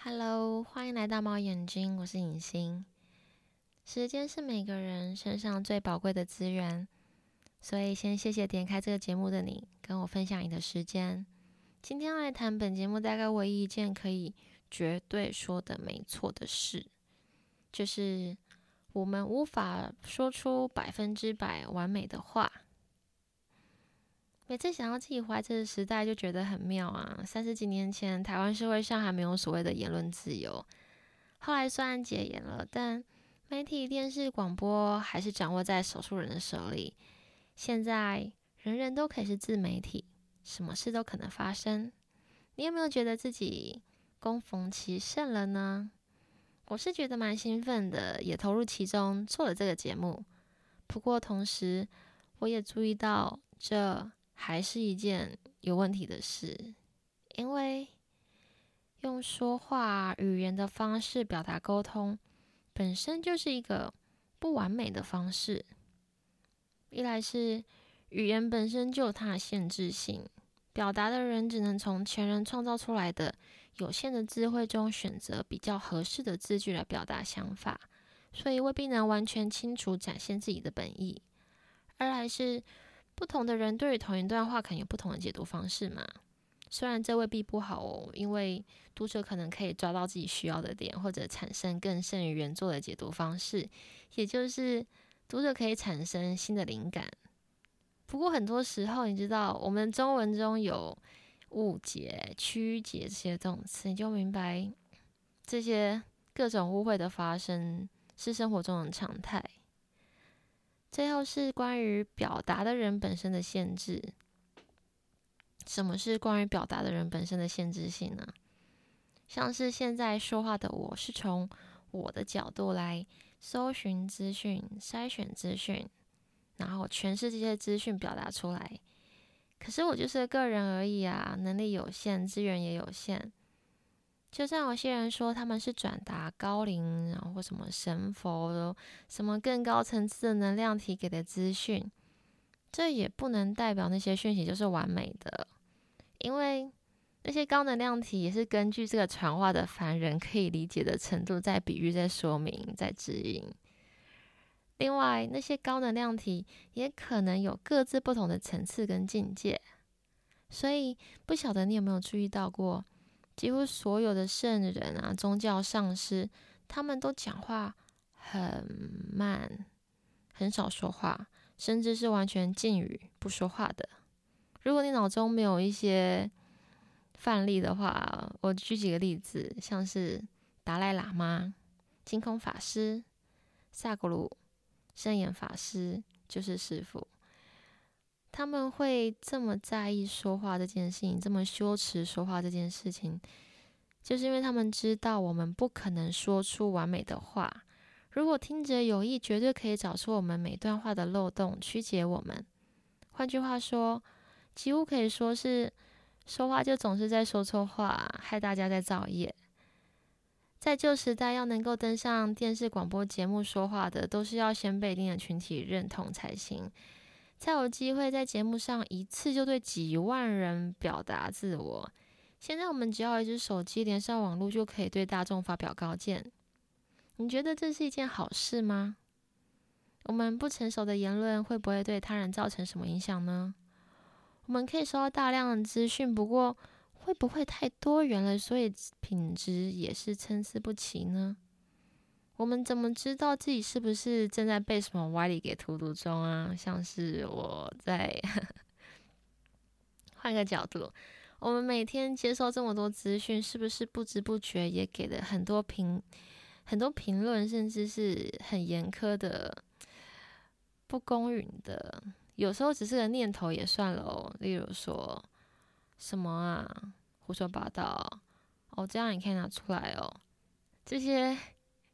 Hello，歡迎來到貓眼睛，我是影星。時間是每個人身上最寶貴的資源，所以先謝謝點開這個節目的你，跟我分享你的時間。今天要來談本節目大概唯一一件可以絕對說的沒錯的事，就是我們無法說出百分之百完美的話。每次想到自己活在的時代，就覺得很妙啊！三十幾年前，台灣社會上還沒有所謂的言論自由。後來雖然解嚴了，但媒體、電視、廣播還是掌握在少數人的手裡。現在人人都可以是自媒體，什麼事都可能發生。你有沒有覺得自己躬逢其盛了呢？我是覺得蠻興奮的，也投入其中做了這個節目。不過同時，我也注意到這。還是一件有問題的事，因為用說話、語言的方式表達溝通，本身就是一個不完美的方式。一來是語言本身就有它的限制性，表達的人只能從前人創造出來的有限的智慧中選擇比較合適的字句來表達想法，所以未必能完全清楚展現自己的本意。二來是。不同的人對於同一段話，可能有不同的解讀方式嘛？雖然這未必不好哦，因為讀者可能可以抓到自己需要的點，或者產生更甚於原作的解讀方式，也就是讀者可以產生新的靈感。不過很多時候，你知道我們中文中有誤解、曲解這些動詞，你就明白這些各種誤會的發生是生活中的常態。最後是關於表達的人本身的限制。什麼是關於表達的人本身的限制性呢、啊？像是現在說話的我，是從我的角度來搜尋資訊、篩選資訊，然後詮釋這些資訊表達出來。可是我就是個人而已啊，能力有限，資源也有限。就算有些人說他們是轉達高靈，然後或什麼神佛、什麼更高層次的能量體給的資訊，這也不能代表那些訊息就是完美的，因為那些高能量體也是根據這個傳話的凡人可以理解的程度，在比喻、在說明、在指引。另外，那些高能量體也可能有各自不同的層次跟境界，所以不曉得你有沒有注意到過。幾乎所有的聖人啊，宗教上師，他們都講話很慢，很少說話，甚至是完全禁語不說話的。如果你腦中沒有一些範例的話，我舉幾個例子，像是達賴喇嘛、淨空法師、薩古魯、聖嚴法師，就是師父。他們會這麼在意說話這件事情，這麼羞恥說話這件事情，就是因為他們知道我們不可能說出完美的話。如果聽者有意，絕對可以找出我們每段話的漏洞，曲解我們。換句話說，幾乎可以說是說話就總是在說錯話，害大家在造業。在舊時代，要能夠登上電視廣播節目說話的，都是要先被另一群體認同才行。才有機會在節目上一次就對幾萬人表達自我。現在我們只要有一隻手機連上網絡，就可以對大眾發表高見。你覺得這是一件好事嗎？我們不成熟的言論會不會對他人造成什麼影響呢？我們可以收到大量的資訊，不過會不會太多元了，所以品質也是參差不齊呢？我們怎麼知道自己是不是正在被什麼歪理給荼毒中啊？像是我在換 個角度，我們每天接收這麼多資訊，是不是不知不覺也給了很多評、很多評論，甚至是很嚴苛的、不公允的？有時候只是個念頭也算了哦。例如說什麼啊，胡說八道哦，這樣也可以拿出來哦。這些。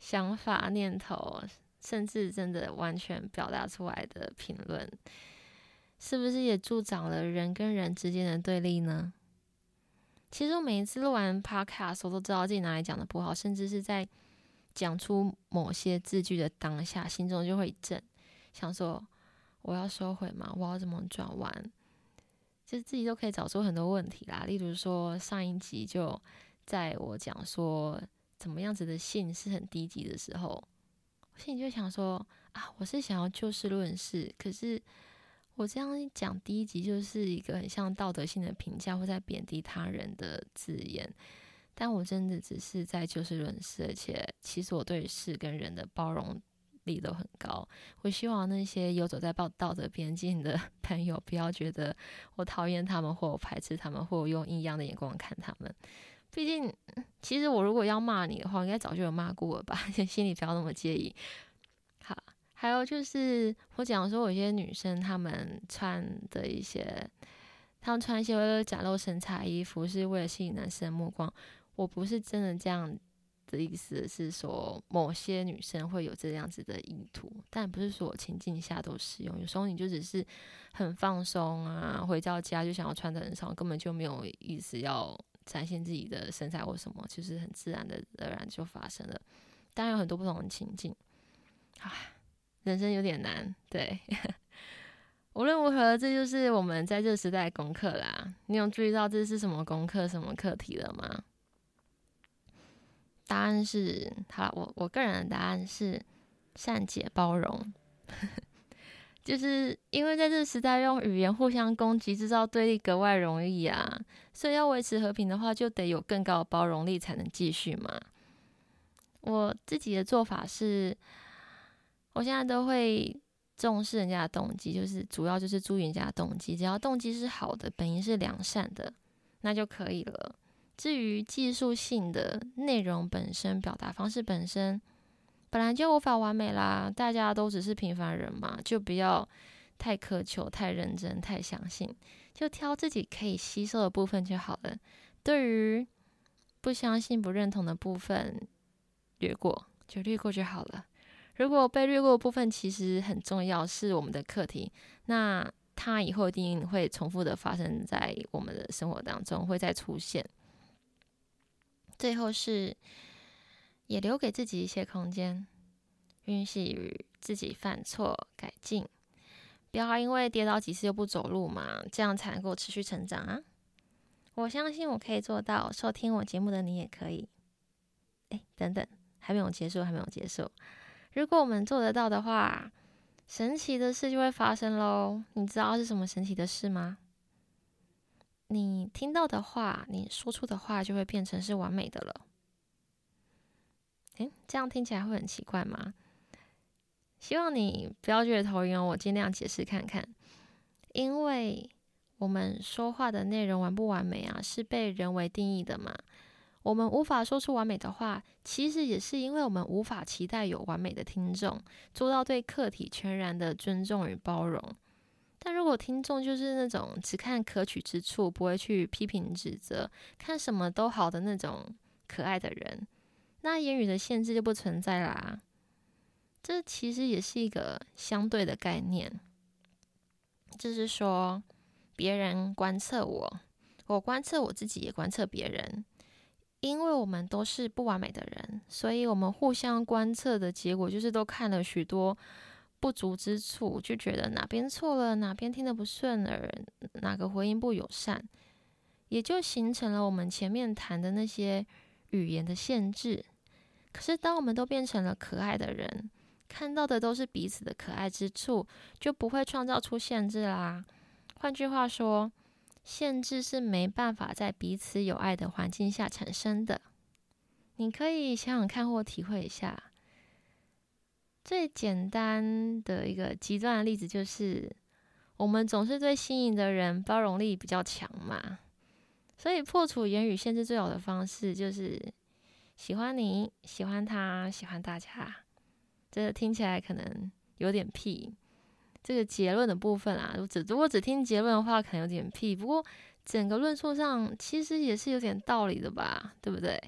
想法、念頭，甚至真的完全表達出來的評論，是不是也助長了人跟人之間的對立呢？其實我每一次錄完 Podcast，我都知道自己哪裡講的不好，甚至是在講出某些字句的當下，心中就會一震，想說我要收回嗎？我要怎麼轉彎？就是自己都可以找出很多問題啦。例如說，上一集就在我講說。怎麼樣子的性是很低級的時候，我心裡就想說啊，我是想要就事論事，可是我這樣一講低級就是一個很像道德性的評價或在貶低他人的字眼，但我真的只是在就事論事，而且其實我對事跟人的包容力都很高。我希望那些遊走在道道德邊境的朋友，不要覺得我討厭他們或我排斥他們或我用異樣的眼光看他們。畢竟，其實我如果要罵你的話，應該早就有罵過了吧。先 心裡不要那麼介意。好，還有就是我講說，有些女生她們穿的一些，她們穿一些為了展露身材衣服，是為了吸引男生的目光。我不是真的這樣的意思，是說某些女生會有這樣子的意圖，但不是說情境下都適用。有時候你就只是很放鬆啊，回到家就想要穿的很少，根本就沒有意思要。展現自己的身材或什麼，其實很自然的，而然就發生了。當然有很多不同的情境，啊、人生有點難，對。 無論如何，這就是我們在這時代的功課啦。你有注意到這是什麼功課、什麼課題了嗎？答案是，好，我我個人的答案是善解包容。 就是因為在這個時代，用語言互相攻擊、製造對立格外容易啊，所以要維持和平的話，就得有更高的包容力才能繼續嘛。我自己的做法是，我現在都會重視人家的動機，就是主要就是注意人家的動機，只要動機是好的，本意是良善的，那就可以了。至於技術性的內容本身、表達方式本身。本來就無法完美啦，大家都只是平凡人嘛，就不要太苛求，太認真，太相信，就挑自己可以吸收的部分就好了。對於不相信、不認同的部分，略過，就略過就好了。如果被略過的部分其實很重要，是我們的課題，那它以後一定會重複的發生在我們的生活當中，會再出現。最後是。也留給自己一些空間，允許自己犯錯、改進，不要因為跌倒幾次又不走路嘛，這樣才能夠持續成長啊！我相信我可以做到，收聽我節目的你也可以。哎、欸，等等，還沒有結束，還沒有結束。如果我們做得到的話，神奇的事就會發生嘍！你知道是什麼神奇的事嗎？你聽到的話，你說出的話就會變成是完美的了。哎，這樣聽起來會很奇怪嗎？希望你不要覺得頭暈哦，我盡量解釋看看。因為我們說話的內容完不完美啊，是被人為定義的嘛。我們無法說出完美的話，其實也是因為我們無法期待有完美的聽眾，做到對客體全然的尊重與包容。但如果聽眾就是那種只看可取之處，不會去批評指責，看什麼都好的那種可愛的人。那言語的限制就不存在啦。啊，這其實也是一個相對的概念，就是說別人觀測我，我觀測我自己，也觀測別人，因為我們都是不完美的人，所以我們互相觀測的結果就是都看了許多不足之處，就覺得哪邊錯了，哪邊聽得不順耳，哪個回應不友善，也就形成了我們前面談的那些。語言的限制，可是當我們都變成了可愛的人，看到的都是彼此的可愛之處，就不會創造出限制啦。換句話說，限制是沒辦法在彼此有愛的環境下產生的。你可以想想看或體會一下。最簡單的一個極端的例子就是，我們總是對心儀的人包容力比較強嘛。所以破除言語限制最好的方式就是喜歡你、喜歡他、喜歡大家，這個聽起來可能有點屁。這個結論的部分啊，只如果只聽結論的話，可能有點屁。不過整個論述上其實也是有點道理的吧，對不對？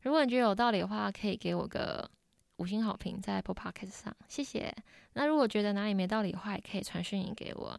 如果你覺得有道理的話，可以給我個五星好評在 Apple Podcast 上，謝謝。那如果覺得哪裡沒道理的話，也可以傳訊給我。